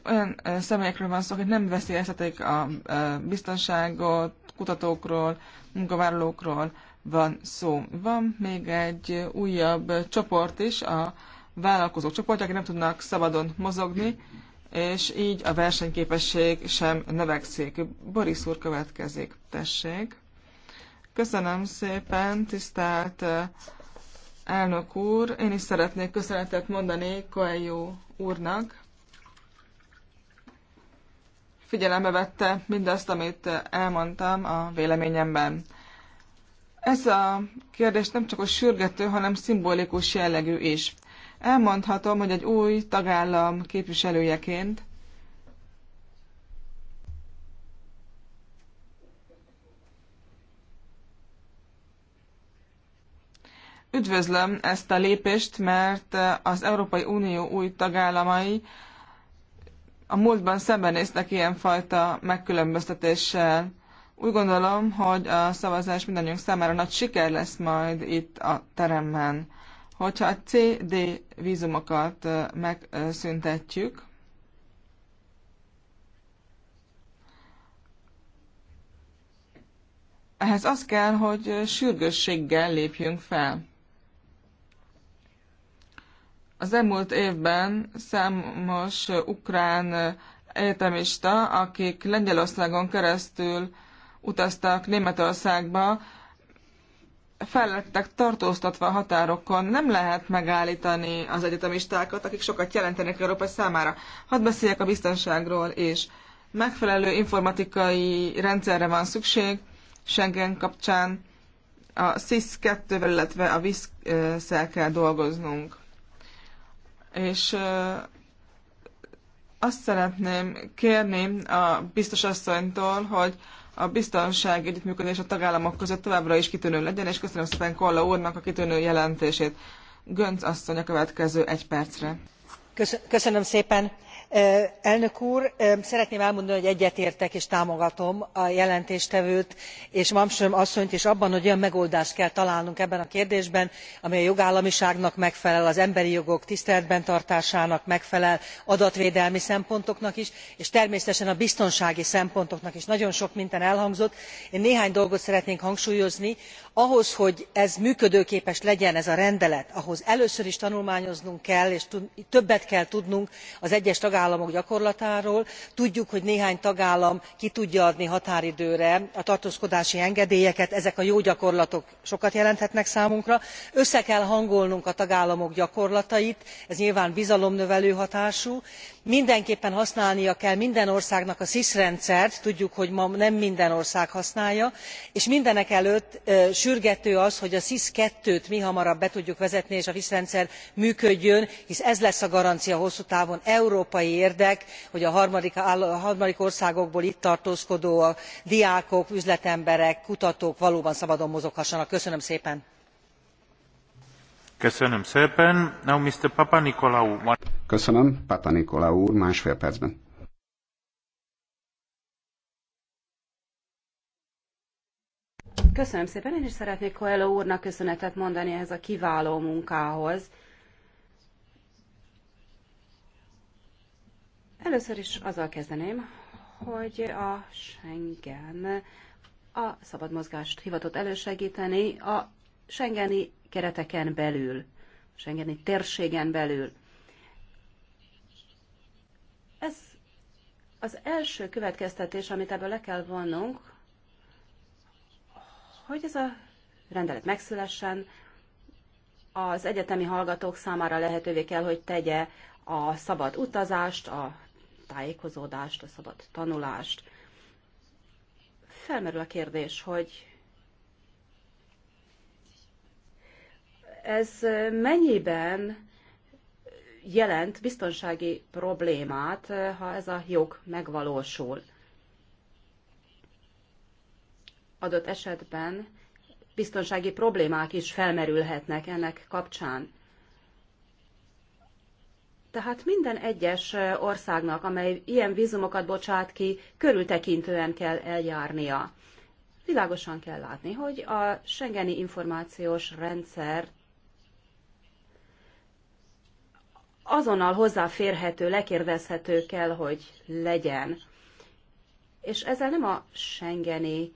Olyan személyekről van szó, hogy nem veszélyeztetik a biztonságot, kutatókról, munkavállalókról van szó. Van még egy újabb csoport is, a vállalkozók csoportja, akik nem tudnak szabadon mozogni, és így a versenyképesség sem növekszik. Boris úr következik, tessék. Köszönöm szépen, tisztelt elnök úr. Én is szeretnék köszönetet mondani Koeljó úrnak. Figyelembe vette mindazt, amit elmondtam a véleményemben. Ez a kérdés nem csak a sürgető, hanem szimbolikus jellegű is. Elmondhatom, hogy egy új tagállam képviselőjeként Üdvözlöm ezt a lépést, mert az Európai Unió új tagállamai a múltban szembenéztek ilyenfajta megkülönböztetéssel. Úgy gondolom, hogy a szavazás mindannyiunk számára nagy siker lesz majd itt a teremben. Hogyha a CD vízumokat megszüntetjük, ehhez az kell, hogy sürgősséggel lépjünk fel. Az elmúlt évben számos ukrán egyetemista, akik Lengyelországon keresztül utaztak Németországba, felettek tartóztatva a határokon, nem lehet megállítani az egyetemistákat, akik sokat jelentenek Európa számára. Hadd beszéljek a biztonságról és Megfelelő informatikai rendszerre van szükség Schengen kapcsán, a SIS-2-vel, illetve a visz kell dolgoznunk. És azt szeretném kérni a biztos asszonytól, hogy a biztonság együttműködés a tagállamok között továbbra is kitűnő legyen, és köszönöm szépen Kolla úrnak a kitűnő jelentését. Gönc asszony a következő egy percre. Köszönöm szépen elnök úr szeretném elmondani hogy egyetértek és támogatom a jelentéstevőt és malmström asszonyt is abban hogy olyan megoldást kell találnunk ebben a kérdésben amely a jogállamiságnak megfelel az emberi jogok tiszteletben tartásának megfelel adatvédelmi szempontoknak is és természetesen a biztonsági szempontoknak is. nagyon sok minden elhangzott én néhány dolgot szeretnék hangsúlyozni ahhoz hogy ez működőképes legyen ez a rendelet ahhoz először is tanulmányoznunk kell és többet kell tudnunk az egyes tagállamok gyakorlatáról tudjuk hogy néhány tagállam ki tudja adni határidőre a tartózkodási engedélyeket ezek a jó gyakorlatok sokat jelenthetnek számunkra össze kell hangolnunk a tagállamok gyakorlatait ez nyilván bizalomnövelő hatású mindenképpen használnia kell minden országnak a sis rendszert tudjuk hogy ma nem minden ország használja és mindenekelőtt sürgető az hogy a sis ii t mihamarabb be tudjuk vezetni és a vis rendszer működjön hisz ez lesz a garancia hosszú távon európai érdek hogy a harmadik országokból itt tartózkodó diákok üzletemberek kutatók valóban szabadon mozoghassanak. köszönöm szépen! köszönöm, papa másfél percben. Köszönöm szépen, én is szeretnék Coelho úrnak köszönetet mondani ehhez a kiváló munkához. Először is azzal kezdeném, hogy a Schengen a szabad mozgást hivatott elősegíteni a Schengeni kereteken belül, a Schengeni térségen belül. Ez az első következtetés, amit ebből le kell vonnunk, hogy ez a rendelet megszülessen, az egyetemi hallgatók számára lehetővé kell, hogy tegye a szabad utazást, a tájékozódást, a szabad tanulást. Felmerül a kérdés, hogy ez mennyiben jelent biztonsági problémát, ha ez a jog megvalósul adott esetben biztonsági problémák is felmerülhetnek ennek kapcsán. Tehát minden egyes országnak, amely ilyen vízumokat bocsát ki, körültekintően kell eljárnia. Világosan kell látni, hogy a Schengeni információs rendszer azonnal hozzáférhető, lekérdezhető kell, hogy legyen. És ezzel nem a Schengeni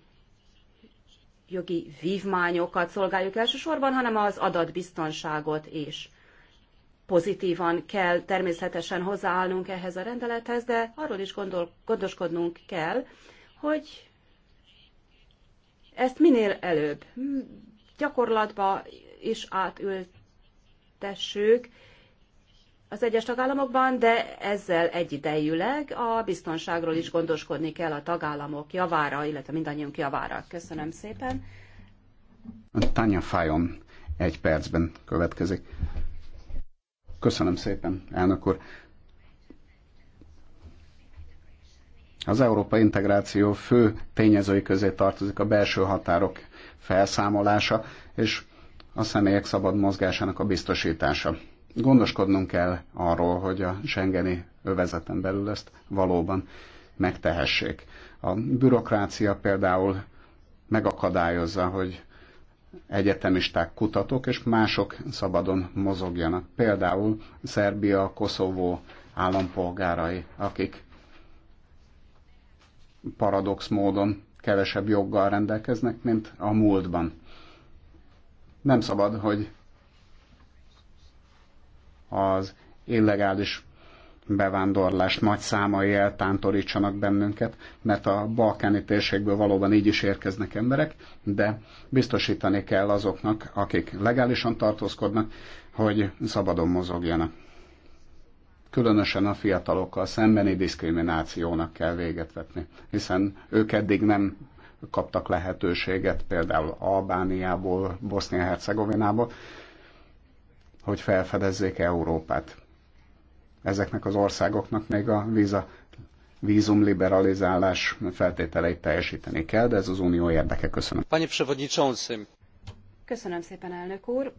jogi vívmányokat szolgáljuk elsősorban, hanem az adatbiztonságot is. Pozitívan kell természetesen hozzáállnunk ehhez a rendelethez, de arról is gondol, gondoskodnunk kell, hogy ezt minél előbb gyakorlatba is átültessük, az egyes tagállamokban, de ezzel egyidejűleg a biztonságról is gondoskodni kell a tagállamok javára, illetve mindannyiunk javára. Köszönöm szépen. Tanya Fajon egy percben következik. Köszönöm szépen, elnök úr. Az Európa integráció fő tényezői közé tartozik a belső határok felszámolása és a személyek szabad mozgásának a biztosítása gondoskodnunk kell arról, hogy a Schengeni övezeten belül ezt valóban megtehessék. A bürokrácia például megakadályozza, hogy egyetemisták, kutatók és mások szabadon mozogjanak. Például Szerbia, Koszovó állampolgárai, akik paradox módon kevesebb joggal rendelkeznek, mint a múltban. Nem szabad, hogy az illegális bevándorlást nagy számai eltántorítsanak bennünket, mert a balkáni térségből valóban így is érkeznek emberek, de biztosítani kell azoknak, akik legálisan tartózkodnak, hogy szabadon mozogjanak. Különösen a fiatalokkal szembeni diszkriminációnak kell véget vetni, hiszen ők eddig nem kaptak lehetőséget, például Albániából, Bosznia-Hercegovinából, hogy felfedezzék Európát. Ezeknek az országoknak még a víza, vízumliberalizálás feltételeit teljesíteni kell, de ez az unió érdeke. Köszönöm. Panie Przewodniczący. Köszönöm szépen, elnök úr.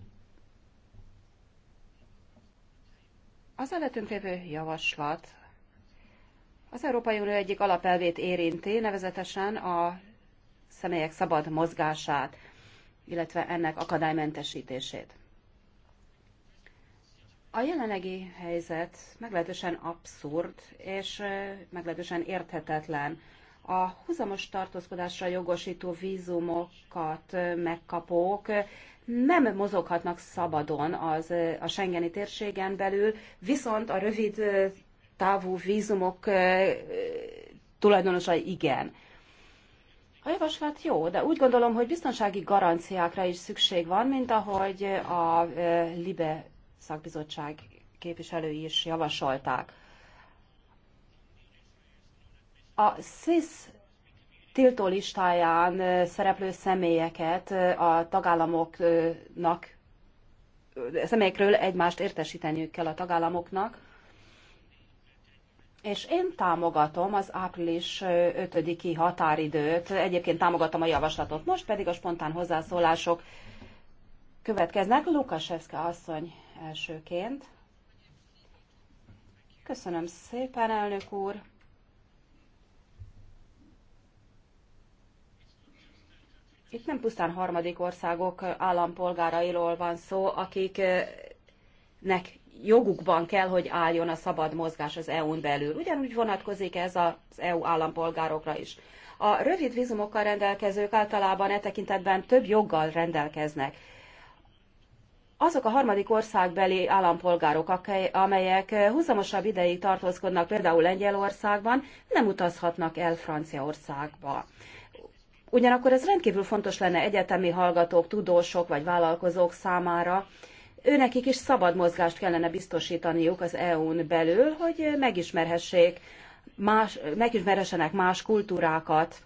Az előttünk lévő javaslat az Európai Unió egyik alapelvét érinti, nevezetesen a személyek szabad mozgását, illetve ennek akadálymentesítését. A jelenlegi helyzet meglehetősen abszurd és meglehetősen érthetetlen. A huzamos tartózkodásra jogosító vízumokat megkapók nem mozoghatnak szabadon az, a Schengeni térségen belül, viszont a rövid távú vízumok tulajdonosai igen. A javaslat jó, de úgy gondolom, hogy biztonsági garanciákra is szükség van, mint ahogy a LIBE szakbizottság képviselői is javasolták. A SZISZ tiltó listáján szereplő személyeket a tagállamoknak, személyekről egymást értesíteniük kell a tagállamoknak, és én támogatom az április 5-i határidőt, egyébként támogatom a javaslatot, most pedig a spontán hozzászólások következnek. Lukasevszka asszony elsőként. Köszönöm szépen, elnök úr. Itt nem pusztán harmadik országok állampolgárairól van szó, akiknek jogukban kell, hogy álljon a szabad mozgás az EU-n belül. Ugyanúgy vonatkozik ez az EU állampolgárokra is. A rövid vízumokkal rendelkezők általában e tekintetben több joggal rendelkeznek azok a harmadik országbeli állampolgárok, amelyek eh, húzamosabb ideig tartózkodnak például Lengyelországban, nem utazhatnak el Franciaországba. Ugyanakkor ez rendkívül fontos lenne egyetemi hallgatók, tudósok vagy vállalkozók számára. Őnekik is szabad mozgást kellene biztosítaniuk az EU-n belül, hogy megismerhessék más, megismerhessenek más kultúrákat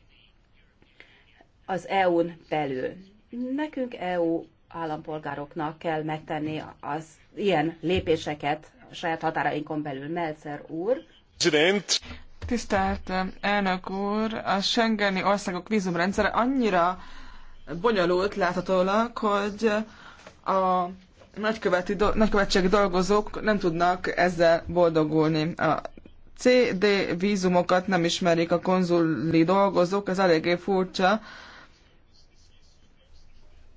az EU-n belül. Nekünk EU állampolgároknak kell megtenni az ilyen lépéseket a saját határainkon belül. Melzer úr. President. Tisztelt eh, elnök úr, a Schengeni országok vízumrendszere annyira bonyolult láthatólag, hogy eh, a nagyköveti, nagykövetségi dolgozók nem tudnak ezzel boldogulni. A CD vízumokat nem ismerik a konzuli dolgozók, ez eléggé furcsa.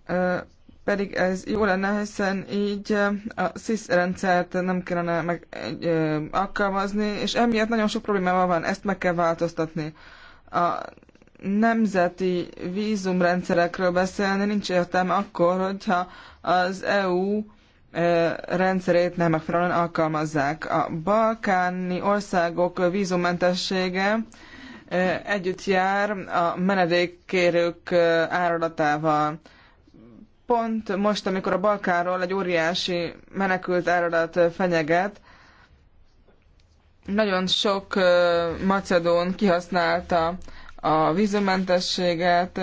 Eh, pedig ez jó lenne, hiszen így a SIS rendszert nem kellene meg egy, ö, alkalmazni, és emiatt nagyon sok problémával van, ezt meg kell változtatni. A nemzeti vízumrendszerekről beszélni nincs értelme akkor, hogyha az EU ö, rendszerét nem megfelelően alkalmazzák. A balkáni országok vízummentessége ö, együtt jár a menedékkérők áradatával pont most, amikor a Balkánról egy óriási menekült áradat fenyeget, nagyon sok macedón kihasználta a vízumentességet,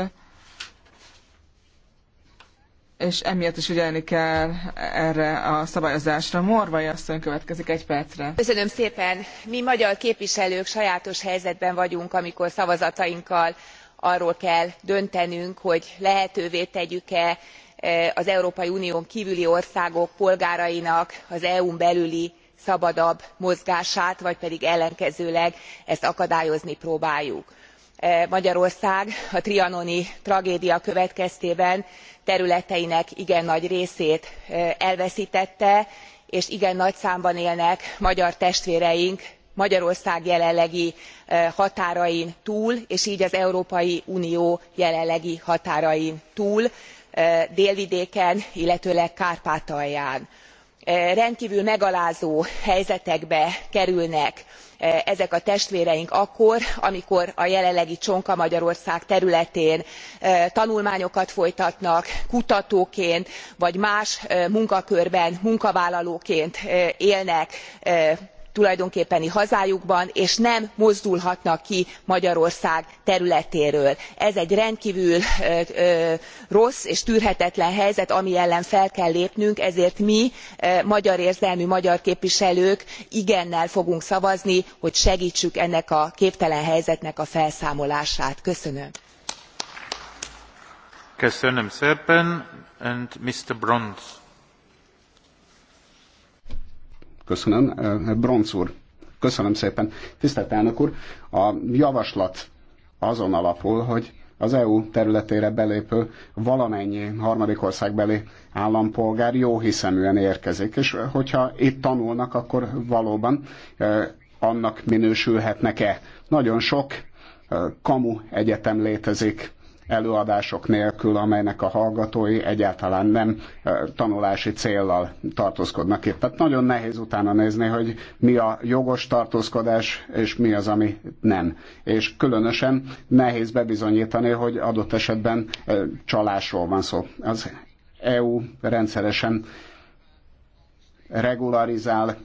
és emiatt is ügyelni kell erre a szabályozásra. Morvai asszony következik egy percre. Köszönöm szépen. Mi magyar képviselők sajátos helyzetben vagyunk, amikor szavazatainkkal arról kell döntenünk hogy lehetővé tegyük e az európai unión kvüli országok polgárainak az eu n belüli szabadabb mozgását vagy pedig ellenkezőleg ezt akadályozni próbáljuk. E, magyarország a trianoni tragédia következtében területeinek igen nagy részét e, elvesztette és igen nagy számban élnek magyar testvéreink magyarország jelenlegi határain túl és gy az európai unió jelenlegi határain túl délvidéken illetőleg kárpátalján. rendkvül megalázó helyzetekbe kerülnek ezek a testvéreink akkor amikor a jelenlegi csonka magyarország területén tanulmányokat folytatnak kutatóként vagy más munkakörben munkavállalóként élnek tulajdonképpeni hazájukban és nem mozdulhatnak ki magyarország területéről. ez egy rendkvül rossz és tűrhetetlen helyzet ami ellen fel kell lépnünk ezért mi magyar érzelmű magyar képviselők igennel fogunk szavazni hogy segtsük ennek a képtelen helyzetnek a felszámolását. köszönöm. köszönöm szépen, Köszönöm. Eh, Bronc úr. Köszönöm szépen. Tisztelt elnök úr, a javaslat azon alapul, hogy az EU területére belépő valamennyi harmadik országbeli állampolgár jó hiszeműen érkezik, és hogyha itt tanulnak, akkor valóban eh, annak minősülhetnek-e. Nagyon sok eh, kamu egyetem létezik előadások nélkül, amelynek a hallgatói egyáltalán nem tanulási céllal tartózkodnak itt. Tehát nagyon nehéz utána nézni, hogy mi a jogos tartózkodás, és mi az, ami nem. És különösen nehéz bebizonyítani, hogy adott esetben csalásról van szó. Az EU rendszeresen regularizál,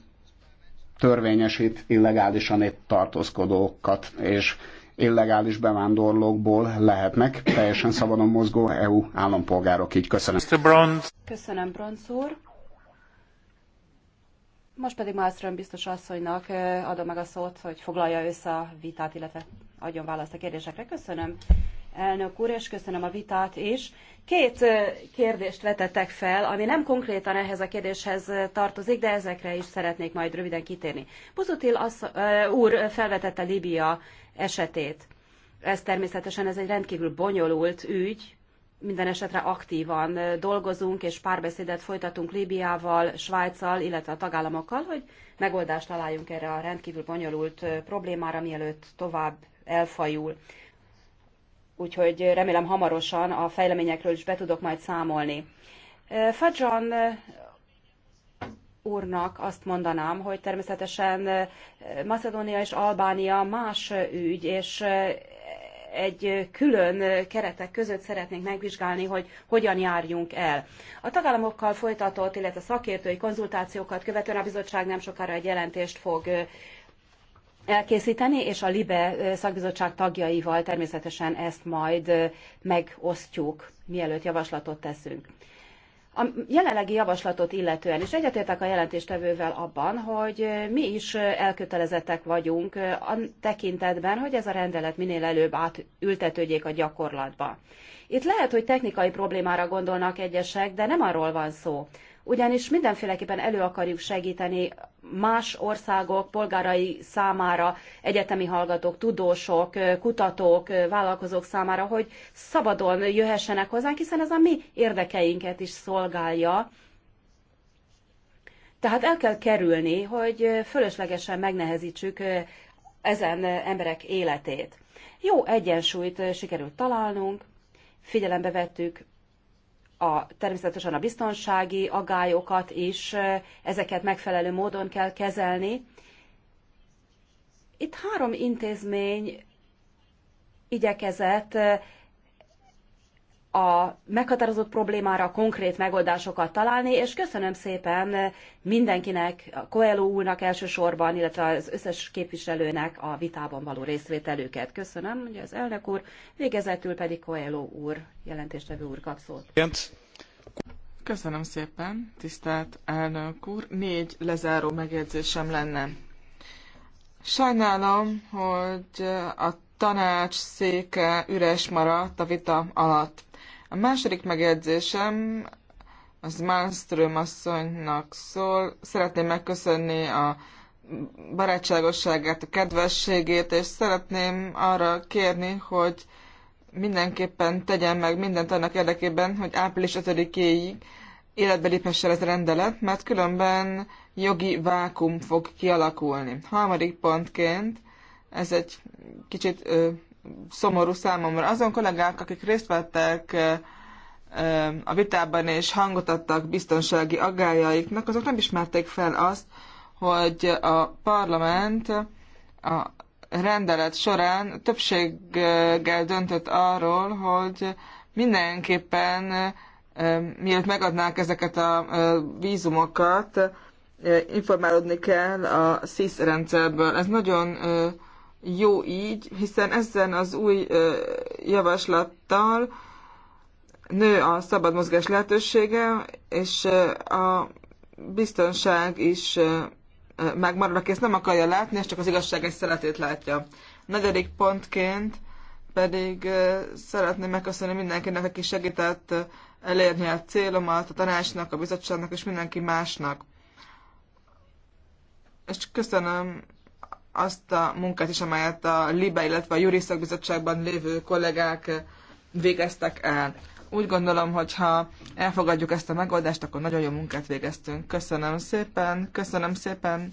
törvényesít illegálisan itt tartózkodókat, és illegális bevándorlókból lehetnek teljesen szabadon mozgó EU állampolgárok. Így köszönöm. Mr. Bronz. Köszönöm, Bronz úr. Most pedig Malmström biztos asszonynak adom meg a szót, hogy foglalja össze a vitát, illetve adjon választ a kérdésekre. Köszönöm elnök úr, és köszönöm a vitát is. Két kérdést vetettek fel, ami nem konkrétan ehhez a kérdéshez tartozik, de ezekre is szeretnék majd röviden kitérni. Buzutil uh, úr felvetette Libia esetét. Ez természetesen ez egy rendkívül bonyolult ügy, minden esetre aktívan dolgozunk, és párbeszédet folytatunk Líbiával, Svájccal, illetve a tagállamokkal, hogy megoldást találjunk erre a rendkívül bonyolult problémára, mielőtt tovább elfajul úgyhogy remélem hamarosan a fejleményekről is be tudok majd számolni. Fajon úrnak azt mondanám, hogy természetesen Macedónia és Albánia más ügy, és egy külön keretek között szeretnénk megvizsgálni, hogy hogyan járjunk el. A tagállamokkal folytatott, illetve szakértői konzultációkat követően a bizottság nem sokára egy jelentést fog elkészíteni, és a LIBE szakbizottság tagjaival természetesen ezt majd megosztjuk, mielőtt javaslatot teszünk. A jelenlegi javaslatot illetően is egyetértek a jelentéstevővel abban, hogy mi is elkötelezettek vagyunk a tekintetben, hogy ez a rendelet minél előbb átültetődjék a gyakorlatba. Itt lehet, hogy technikai problémára gondolnak egyesek, de nem arról van szó ugyanis mindenféleképpen elő akarjuk segíteni más országok polgárai számára, egyetemi hallgatók, tudósok, kutatók, vállalkozók számára, hogy szabadon jöhessenek hozzánk, hiszen ez a mi érdekeinket is szolgálja. Tehát el kell kerülni, hogy fölöslegesen megnehezítsük ezen emberek életét. Jó egyensúlyt sikerült találnunk, figyelembe vettük a, természetesen a biztonsági agályokat is, ezeket megfelelő módon kell kezelni. Itt három intézmény igyekezett a meghatározott problémára konkrét megoldásokat találni, és köszönöm szépen mindenkinek, a Coelho úrnak elsősorban, illetve az összes képviselőnek a vitában való részvételüket. Köszönöm, hogy az elnök úr, végezetül pedig Coelho úr, jelentéstevő úr kap szót. Köszönöm szépen, tisztelt elnök úr. Négy lezáró megjegyzésem lenne. Sajnálom, hogy a tanács széke üres maradt a vita alatt. A második megjegyzésem az Malmström asszonynak szól. Szeretném megköszönni a barátságosságát, a kedvességét, és szeretném arra kérni, hogy mindenképpen tegyen meg mindent annak érdekében, hogy április 5-éig életbe léphessen ez a rendelet, mert különben jogi vákum fog kialakulni. Harmadik pontként, ez egy kicsit ö, szomorú számomra. Azon kollégák, akik részt vettek a vitában és hangot adtak biztonsági aggájaiknak, azok nem ismerték fel azt, hogy a parlament a rendelet során többséggel döntött arról, hogy mindenképpen mielőtt megadnák ezeket a vízumokat, informálódni kell a SIS rendszerből. Ez nagyon jó így, hiszen ezen az új javaslattal nő a szabad mozgás lehetősége, és a biztonság is megmarad, aki ezt nem akarja látni, és csak az igazság egy szeretét látja. Negyedik pontként pedig szeretném megköszönni mindenkinek, aki segített elérni a célomat, a tanácsnak, a bizottságnak és mindenki másnak. És köszönöm azt a munkát is, amelyet a LIBE, illetve a Juri Szakbizottságban lévő kollégák végeztek el. Úgy gondolom, hogy ha elfogadjuk ezt a megoldást, akkor nagyon jó munkát végeztünk. Köszönöm szépen, köszönöm szépen,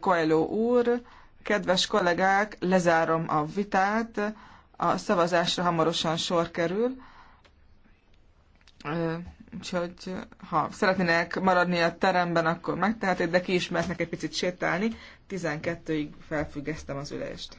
Koelho úr. Kedves kollégák, lezárom a vitát. A szavazásra hamarosan sor kerül. Úgyhogy ha szeretnének maradni a teremben, akkor megtehetik, de ki is mehetnek egy picit sétálni. 12-ig felfüggesztem az ülést.